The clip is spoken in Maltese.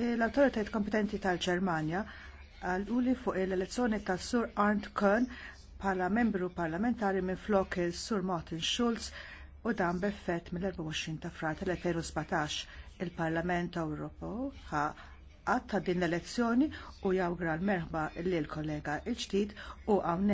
l-autoritet kompetenti tal-Ġermanja għal li fuq l-elezzjoni tas sur Arndt Köhn bħala membru parlamentari minflok il-sur Martin Schulz u dan b'effett mill-24 ta' frar tal-2017 il-Parlament Ewropew ħa għatta din l-elezzjoni u jawgra l-merħba lill kollega l ġdid u għawne